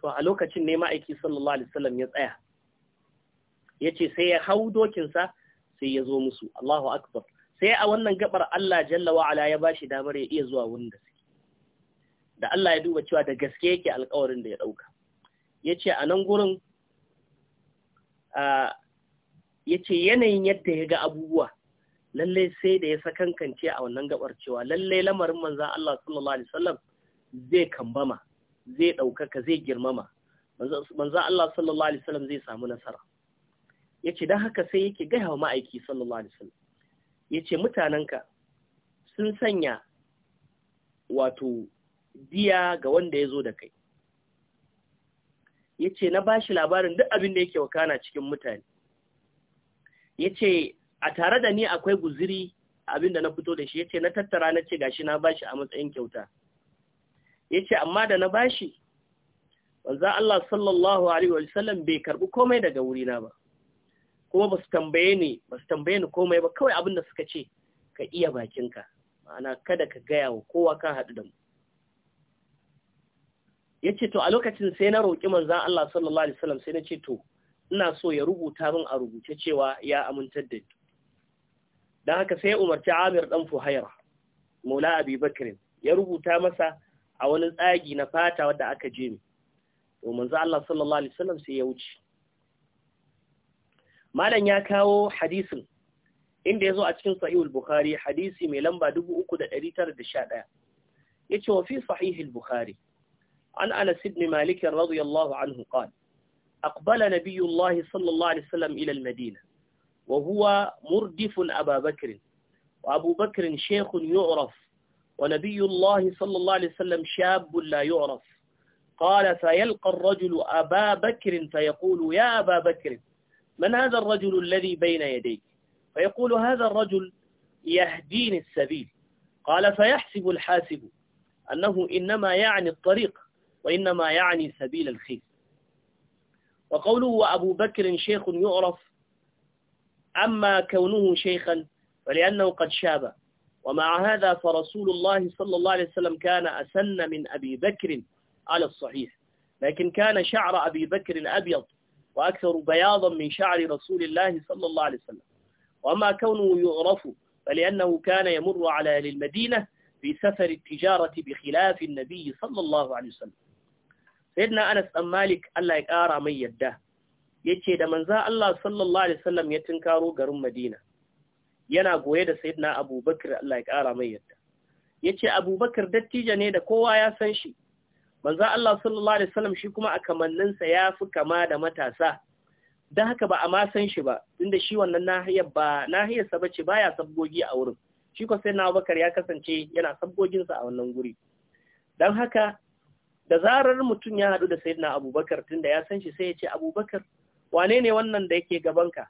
to a lokacin ne ma'aiki sallallahu alaihi wasallam ya tsaya yace sai ya hau dokinsa sai ya zo musu Allahu akbar sai a wannan gabar Allah jalla wa ala ya bashi damar ya iya zuwa wurin da suke da Allah ya duba cewa da gaske yake alƙawarin da ya dauka yace a nan gurin a yace yanayin yadda ya ga abubuwa lalle sai da ya sakankance a wannan gabar cewa lalle lamarin manzon Allah sallallahu alaihi wasallam zai kambama zai ɗaukaka zai girmama manzan Allah sallallahu Alaihi wasallam zai samu nasara ya ce don haka sai yake gaya wa ma'aiki sallallahu Alaihi wasallam ya ce mutanenka sun sanya wato diya ga wanda ya zo da kai ya ce na bashi labarin duk abin da yake wakana cikin mutane ya ce a tare da ni akwai guziri abin da na fito da shi ya ce na tattara na ce gashi na bashi a matsayin kyauta ya ce amma da na bashi wanzan Allah sallallahu Alaihi wasallam bai karbi komai daga wurina ba kuma ba su tambaye ni ba su tambaye ni komai ba kawai abinda suka ce ka iya bakinka ma'ana kada ka gaya wa kowa ka haɗu da mu ya ce to a lokacin sai na roƙi manzan Allah sallallahu Alaihi wasallam sai na ce to ina so ya rubuta min a rubuce cewa ya amintar da ni Dan haka sai ya umarci amir ɗan fuhaira maula abi bakirin ya rubuta masa a wani tsagi na fata wadda aka je mi domin za Allah sallallahu alaihi wasallam sai ya wuce malam ya kawo hadisin inda ya zo a cikin sahih al-bukhari hadisi mai lamba 3911 yace wa fi sahih al-bukhari an ana sidni malikin radiyallahu anhu qala aqbala nabiyullah sallallahu alaihi wasallam ila al-madina wa huwa murdif Abu Bakr wa Abu Bakr ونبي الله صلى الله عليه وسلم شاب لا يعرف قال فيلقى الرجل أبا بكر فيقول يا أبا بكر من هذا الرجل الذي بين يديك فيقول هذا الرجل يهديني السبيل قال فيحسب الحاسب أنه إنما يعني الطريق وإنما يعني سبيل الخير وقوله وأبو بكر شيخ يعرف أما كونه شيخا فلأنه قد شاب ومع هذا فرسول الله صلى الله عليه وسلم كان أسن من أبي بكر على الصحيح لكن كان شعر أبي بكر أبيض وأكثر بياضا من شعر رسول الله صلى الله عليه وسلم وما كونه يعرف فلأنه كان يمر على أهل المدينة في سفر التجارة بخلاف النبي صلى الله عليه وسلم سيدنا أنس أم مالك ألا يقارى من يده يتشي دا منزا الله صلى الله عليه وسلم يتنكارو قرم مدينة yana goye da sayyidina abubakar Allah ya kara mai yadda yace abubakar dattijo ne da kowa ya san shi manzo Allah sallallahu alaihi wasallam shi kuma a kamanninsa ya fi kama da matasa don haka ba a ma san shi ba inda shi wannan nahiyar ba nahiyar sa bace baya sabgogi a wurin shi ko sai na Abubakar ya kasance yana sabgoginsa a wannan guri don haka da zarar mutum ya haɗu da sayyidina Abubakar tunda ya san shi sai ya ce Abubakar wane ne wannan da yake gabanka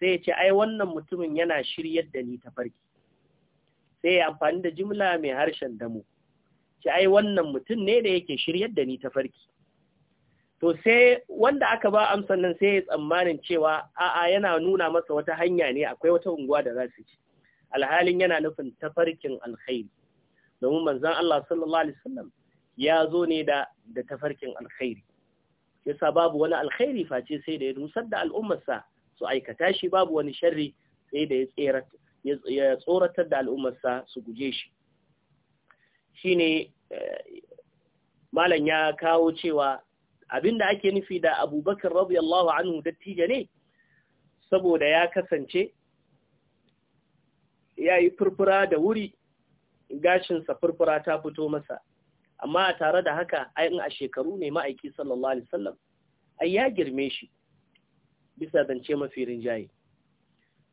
sai ya ce ai wannan mutumin yana shiryar da ni ta farki sai ya amfani da jimla mai harshen damu ce ai wannan mutum ne da yake shiryar da ni ta farki to sai wanda aka ba amsan nan sai ya tsammanin cewa a'a yana nuna masa wata hanya ne akwai wata unguwa da za su ci alhalin yana nufin tafarkin alkhairi domin manzon Allah sallallahu alaihi wasallam ya zo ne da da tafarkin alkhairi yasa babu wani alkhairi face sai da ya nusar da al'ummarsa su aikata shi babu wani sharri sai da ya tsoratar da al'ummarsa su guje shi Shi ne eh, malam ya kawo cewa abinda ake nufi da abubakar radiyallahu anhu dattija ne saboda ya kasance ya yi furfura da wuri gashinsa furfura ta fito masa amma tare da haka ayin a shekaru ne ma'aiki sallallahu alaihi sallam ai ya girme shi bisa zance mafi rinjaye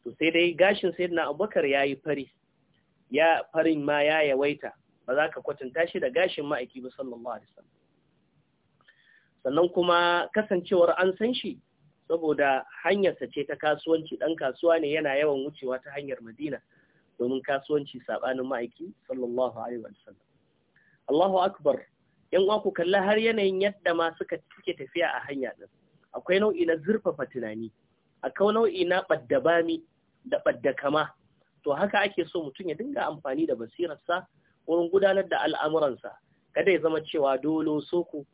to sai dai gashin na abubakar ya yi fari ya farin ma ya yawaita ba za ka kwatanta shi da gashin ma'aiki ba sallallahu alaihi wasallam sannan kuma kasancewar an san shi saboda hanyarsa ce ta kasuwanci ɗan kasuwa ne yana yawan wucewa ta hanyar Madina domin kasuwanci sabanin ma'aiki sallallahu alaihi wasallam Allahu akbar yan uwa ku kalla har yanayin yadda ma suka tafiya a hanya ɗin. akwai nau'i na zurfafa tunani akwai nau'i na ɓaddabami da ɓadda to haka ake so mutum ya dinga amfani da basirarsa wurin gudanar da al'amuransa kada ya zama cewa dolo soko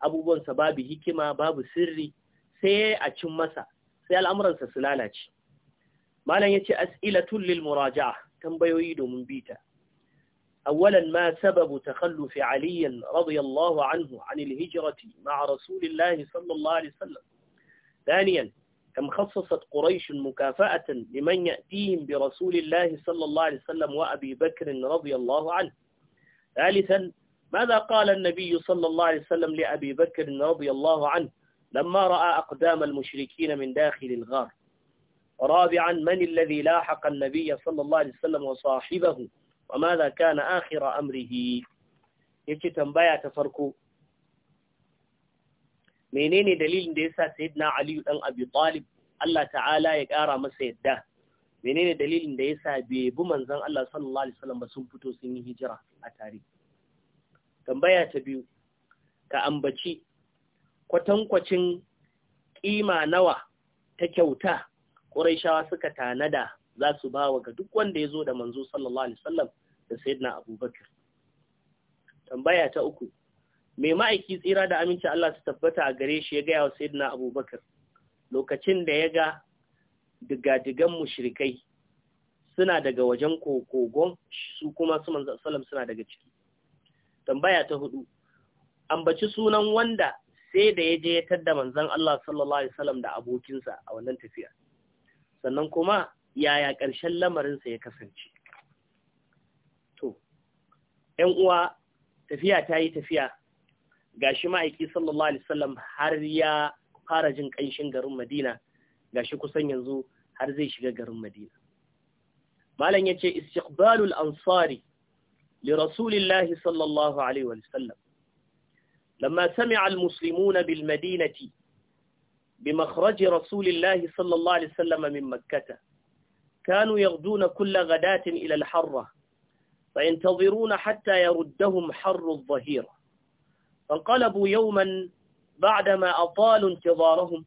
abubuwansa babu hikima babu sirri sai a cin masa sai al'amuransa su lalace malam ya ce as'ilatul lil muraja'a tambayoyi domin bita أولا ما سبب تخلف علي رضي الله عنه عن الهجرة مع رسول الله صلى الله عليه وسلم ثانيا كم خصصت قريش مكافأة لمن يأتيهم برسول الله صلى الله عليه وسلم وأبي بكر رضي الله عنه ثالثا ماذا قال النبي صلى الله عليه وسلم لأبي بكر رضي الله عنه لما رأى أقدام المشركين من داخل الغار رابعا من الذي لاحق النبي صلى الله عليه وسلم وصاحبه wa ka na akhira amrihi ya ce tambaya ta farko menene dalilin da yasa na aliyu dan abu Talib Allah ta'ala ya ƙara masa yadda menene dalilin da yasa sa bi manzan Allah sallallahu alaihi wasallam ba sun fito sun yi hijira a tare tambaya ta biyu ka ambaci kwatankwacin kima nawa ta kyauta ƙuraishawa suka tanada za su bawa ga duk wanda ya zo da manzo sallallahu alaihi wasallam da sayyidina abubakar tambaya ta uku mai ma'aiki tsira da aminci Allah su tabbata a gare shi ya gaya wa sayyidina abubakar lokacin da ya ga digadigan mushrikai suna daga wajen kogon su kuma su manzo sallam suna daga ciki tambaya ta hudu ambaci sunan wanda sai da ya je ya tadda manzon Allah sallallahu alaihi wasallam da abokinsa a wannan tafiya sannan kuma yaya ƙarshen lamarinsa ya kasance ‘yan uwa tafiya ta yi tafiya gashi ma'aiki sallallahu alaihi wasallam har ya fara jin ƙanshin garin Madina gashi kusan yanzu har zai shiga garin Madina. Malam ya ce, Istiqbalul Ansari li Rasulillahi sallallahu Alaihi wasallam, lamma sami'a al-Muslimuna bil Madinati bi makhraji Rasulillahi sallallahu Alaihi min Makkata, kanu yaghduna kulla gadatin ilal al-harra فينتظرون حتى يردهم حر الظهيرة فانقلبوا يوما بعدما أطالوا انتظارهم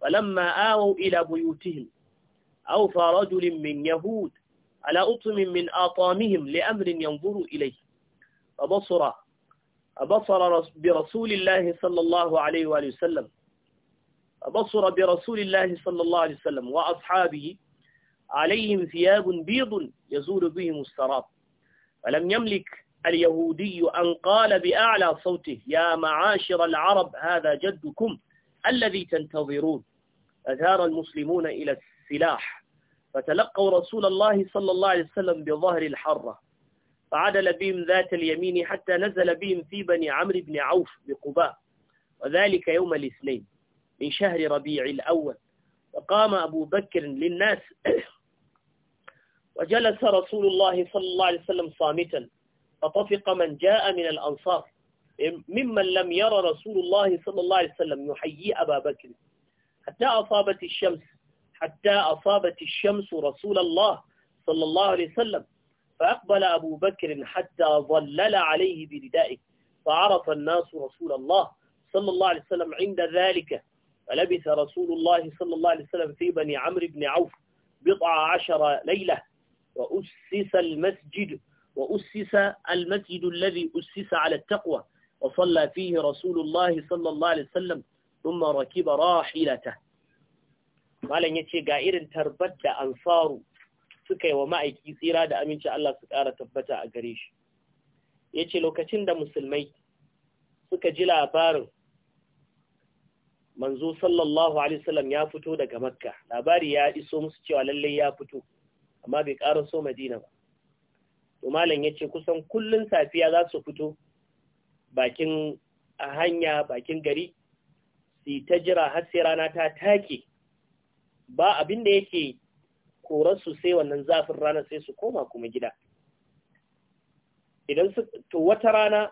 فلما آووا إلى بيوتهم أوفى رجل من يهود على أطم من آطامهم لأمر ينظر إليه فبصر فبصر برسول الله صلى الله عليه وآله وسلم فبصر برسول الله صلى الله عليه وسلم وأصحابه عليهم ثياب بيض يزول بهم السراب ولم يملك اليهودي أن قال بأعلى صوته يا معاشر العرب هذا جدكم الذي تنتظرون أثار المسلمون إلى السلاح فتلقوا رسول الله صلى الله عليه وسلم بظهر الحرة فعدل بهم ذات اليمين حتى نزل بهم في بني عمرو بن عوف بقباء وذلك يوم الاثنين من شهر ربيع الأول فقام أبو بكر للناس وجلس رسول الله صلى الله عليه وسلم صامتا فطفق من جاء من الأنصار ممن لم يرى رسول الله صلى الله عليه وسلم يحيي أبا بكر حتى أصابت الشمس حتى أصابت الشمس رسول الله صلى الله عليه وسلم فأقبل أبو بكر حتى ظلل عليه بردائه فعرف الناس رسول الله صلى الله عليه وسلم عند ذلك فلبث رسول الله صلى الله عليه وسلم في بني عمرو بن عوف بضع عشر ليلة وأسس المسجد وأسس المسجد الذي أسس على التقوى وصلى فيه رسول الله صلى الله عليه وسلم ثم ركب راحلته ya ce ga irin tarbar da ansaru suka yi wa ma'aiki tsira da aminci Allah su ƙara tabbata a gare shi ya ce lokacin da musulmai suka ji labarin manzo sallallahu alaihi wasallam ya fito daga makka labari ya iso musu cewa lallai ya fito amma bai ƙara so madina ba to malam ya ce kusan kullun safiya za su fito bakin a hanya bakin gari su ta jira har sai rana ta take ba abin da yake korarsu sai wannan zafin rana sai su koma kuma gida idan su to wata rana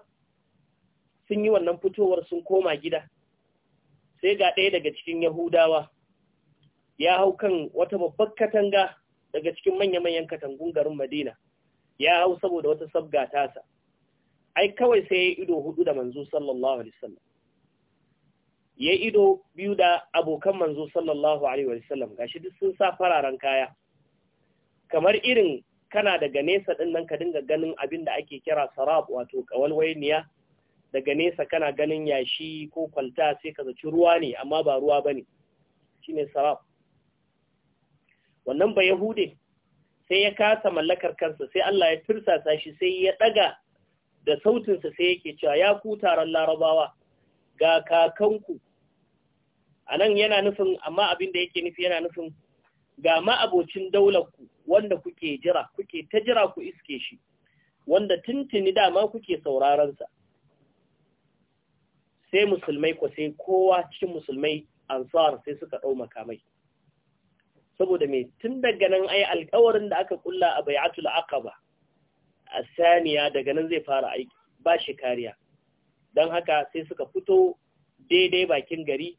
sun yi wannan fitowar sun koma gida sai ga ɗaya daga cikin yahudawa ya hau kan wata babbar katanga daga cikin manya-manyan katangun garin Madina ya hau saboda wata sabga tasa ai kawai sai ya ido hudu da manzo sallallahu alaihi wasallam ya ido biyu da abokan manzo sallallahu alaihi wasallam gashi duk sun sa fararen kaya kamar irin kana daga nesa ɗin nan ka dinga ganin abin da ake kira sarab wato kawalwainiya daga nesa kana ganin yashi ko kwalta sai ka zaci ruwa ne amma ba ruwa bane shine sarab wannan ba yahude sai ya kasa mallakar kansa sai Allah ya tursasa shi sai ya daga da sautinsa sai yake cewa ya ku taron larabawa ga kakanku a nan yana nufin amma abin da yake nufi yana nufin ga ma'abocin daularku wanda kuke jira kuke ta jira ku iske shi wanda tuntuni dama kuke saurarensa sai musulmai ko sai kowa cikin musulmai ansar sai suka ɗau makamai saboda mai tun daga nan ai alkawarin da aka kulla a bai'atul aqaba a saniya daga nan zai fara aiki ba shi kariya don haka sai suka fito daidai bakin gari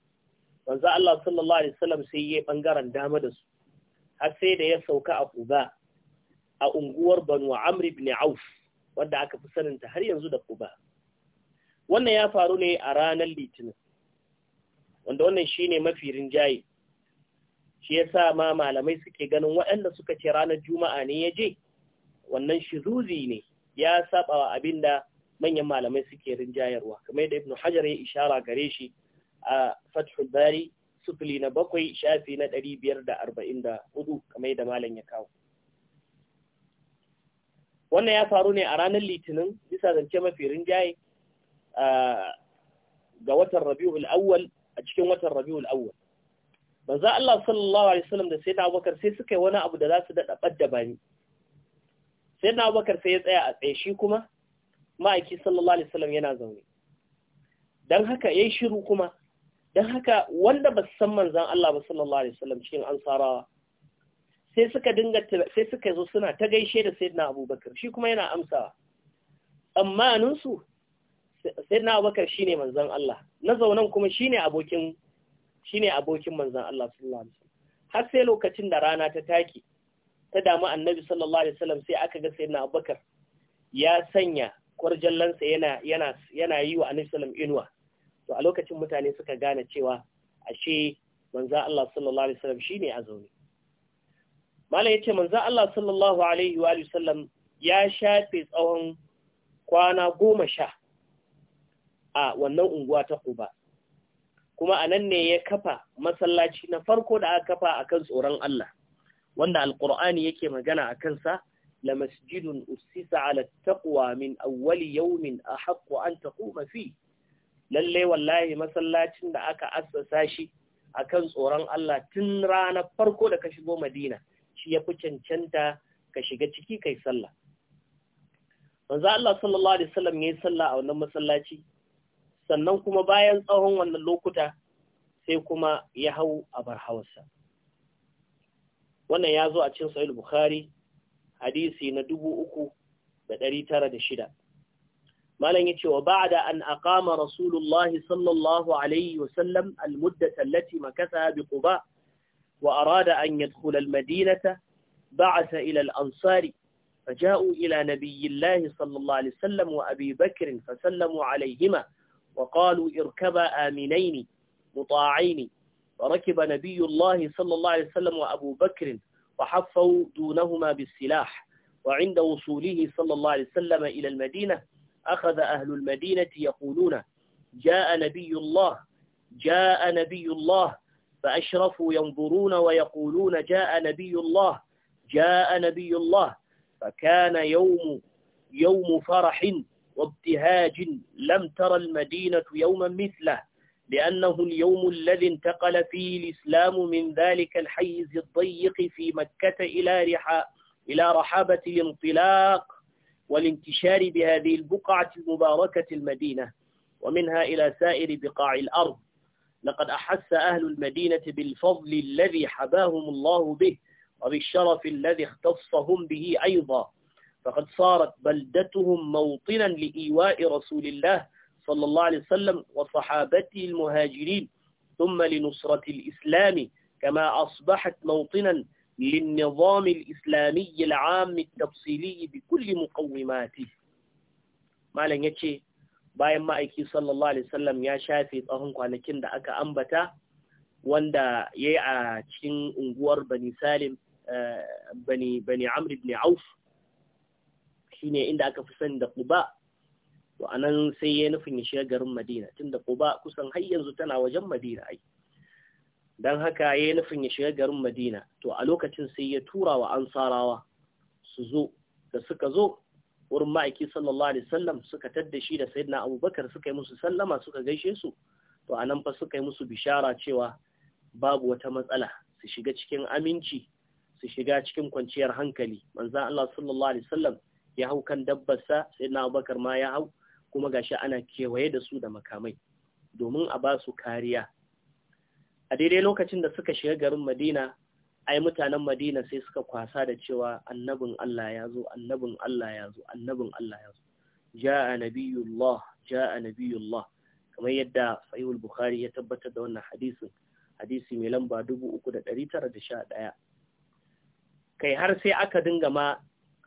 manzo Allah sallallahu alaihi wasallam sai yayi bangaren dama da su har sai da ya sauka a Quba a unguwar Banu Amr ibn Auf wanda aka fi sanin ta har yanzu da Quba wannan ya faru ne a ranar Litinin wanda wannan shine mafi rinjaye shi yasa ma malamai suke ganin waɗanda suka ce ranar juma'a ne ya je wannan shiruzi ne ya saba wa da manyan malamai suke rinjayarwa kamar yadda ibnu hajar ya ishara gare shi a fathul bari sufuli na bakwai shafi na ɗari biyar da arba'in da hudu kamar yadda malam ya kawo wannan ya faru ne a ranar litinin bisa zance mafi rinjaye ga watan rabi'ul awwal a cikin watan rabi'ul awwal manzo Allah sallallahu alaihi wasallam da sayyidina Abubakar sai suka yi wani abu da za su dada da bani sayyidina Abubakar sai ya tsaya a tsaye shi kuma ma'aiki sallallahu alaihi wasallam yana zaune dan haka yi shiru kuma dan haka wanda ba san manzon Allah ba sallallahu alaihi wasallam cikin ansarawa sai suka dinga sai suka zo suna ta gaishe da sayyidina Abubakar shi kuma yana amsawa tsammanin su sayyidina Abubakar shine manzon Allah na zaunan kuma shine abokin shine abokin manzon Allah sallallahu alaihi wasallam har sai lokacin da rana ta take ta damu annabi sallallahu alaihi wasallam sai aka ga sayyidina Abubakar ya sanya kwarjallansa yana yana yana yi wa annabi sallallahu inuwa to a lokacin mutane suka gane cewa ashe manzon Allah sallallahu alaihi wasallam shine a zaune Malam ya ce manzan Allah sallallahu Alaihi wa sallam ya shafe tsawon kwana goma sha a wannan unguwa ta ƙuba. kuma a nan ne ya kafa masallaci na farko da aka kafa akan tsoron Allah wanda Alkur'ani yake magana a kansa la masjidun ussisa ala taqwa min awwali yawmin ahaqqu an fi Lallai wallahi masallacin da aka assasa shi akan tsoron Allah tun ranar farko da ka shigo Madina shi ya fi cancanta ka shiga ciki kai sallah manzo Allah sallallahu alaihi wasallam yayi sallah a wannan masallaci sannan kuma bayan tsawon wannan lokuta sai kuma ya hau a bar wannan ya zo a cin sa'il bukhari hadisi na dubu uku da ɗari tara da shida malam ya ce wa ba'da an aqama rasulullah sallallahu alaihi wasallam almuddata allati makatha bi quba wa arada an yadkhula madinata ba'asa ila al-ansari فجاءوا إلى نبي الله صلى الله عليه وسلم وأبي بكر فسلموا عليهما وقالوا اركب آمنين مطاعين فركب نبي الله صلى الله عليه وسلم وأبو بكر وحفوا دونهما بالسلاح وعند وصوله صلى الله عليه وسلم إلى المدينة أخذ أهل المدينة يقولون جاء نبي الله جاء نبي الله فأشرفوا ينظرون ويقولون جاء نبي الله جاء نبي الله فكان يوم يوم فرح وابتهاج لم ترى المدينة يوما مثله لأنه اليوم الذي انتقل فيه الإسلام من ذلك الحيز الضيق في مكة إلى رحاء إلى رحابة الانطلاق والانتشار بهذه البقعة المباركة المدينة ومنها إلى سائر بقاع الأرض لقد أحس أهل المدينة بالفضل الذي حباهم الله به وبالشرف الذي اختصهم به أيضا فقد صارت بلدتهم موطنا لإيواء رسول الله صلى الله عليه وسلم وصحابته المهاجرين ثم لنصرة الإسلام كما أصبحت موطنا للنظام الإسلامي العام التفصيلي بكل مقوماته ما لن يتشي bayan ما أيكي صلى الله عليه وسلم يا شافي da قانا ambata أكا أنبتا واندا a cikin أنقوار بني سالم آه، بني, بني عمرو بن عوف shine inda aka fi sani da Quba to anan sai ya nufin ya shiga garin Madina tunda Quba kusan har yanzu tana wajen Madina ai dan haka ya nufin ya shiga garin Madina to a lokacin sai ya tura wa ansarawa su zo da suka zo wurin ma'aiki sallallahu alaihi wasallam suka tadda shi da sayyidina Abubakar suka yi musu sallama suka gaishe su to anan fa suka yi musu bishara cewa babu wata matsala su shiga cikin aminci su shiga cikin kwanciyar hankali manzan Allah sallallahu alaihi wasallam ya hau kan dabbarsa sai na abubakar ma ya hau kuma gashi ana kewaye da su da makamai domin a ba su kariya a daidai lokacin da suka shiga garin madina ai mutanen madina sai suka kwasa da cewa annabin allah ya zo annabin allah ya zo annabin allah ya zo ja'a nabiyullah ja'a nabiyullah kamar yadda sahihul bukhari ya tabbatar da wannan hadisin hadisi mai lamba 3911 kai har sai aka dinga ma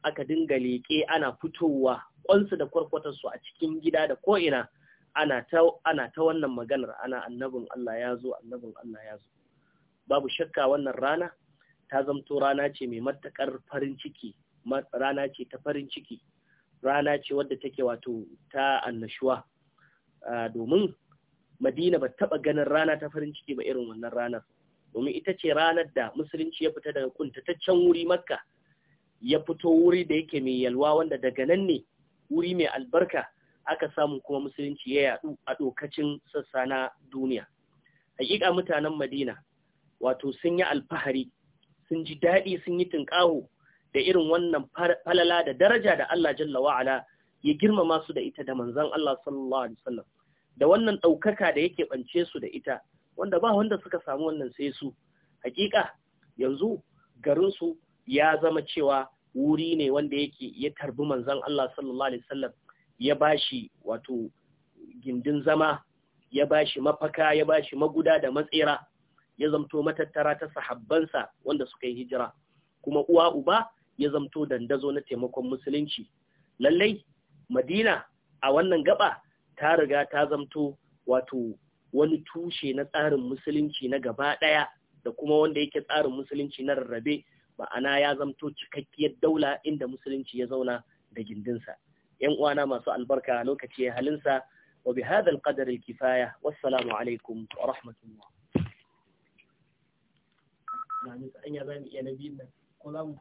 aka dinga leƙe ana fitowa ƙwansu da kwarkwatarsu a cikin gida da ko'ina ana ta ta wannan maganar ana annabin Allah ya zo annabin Allah ya zo babu shakka wannan rana ta zamto rana ce mai matakar farin ciki rana ce ta farin ciki rana ce wadda take wato ta annashuwa domin madina ba taɓa ganin rana ta farin ciki ba irin wannan ranar domin ita ce ranar da musulunci ya fita daga kuntataccen wuri makka ya fito wuri da yake mai yalwa wanda daga nan ne wuri mai albarka aka samu kuma musulunci ya yadu a dokacin sassa na duniya hakika mutanen madina wato sun yi alfahari sun ji daɗi sun yi tunƙaho da irin wannan falala da daraja da Allah jalla wa'ala ya girmama su da ita da manzon Allah sallallahu alaihi wasallam da wannan ɗaukaka da yake bance su da ita wanda ba wanda suka samu wannan sai su hakika yanzu garinsu ya zama cewa wuri ne wanda yake ya tarbi manzon Allah sallallahu alaihi wasallam ya bashi wato gindin zama ya bashi mafaka ya bashi maguda da matsira ya zamto matattara ta sahabbansa wanda suka yi hijira kuma uwa uba ya zamto dandazo na taimakon musulunci lallai madina a wannan gaba ta riga ta zamto wato wani tushe na tsarin musulunci na gaba ɗaya da kuma wanda yake tsarin musulunci na rarrabe ma'ana ya zamto cikakkiyar daula inda musulunci ya zauna da gindinsa yan uwana masu albarka lokaci halinsa wa bi hadha al-qadar al-kifaya wassalamu alaikum wa rahmatullah na an ya zami iya nabi ko za mu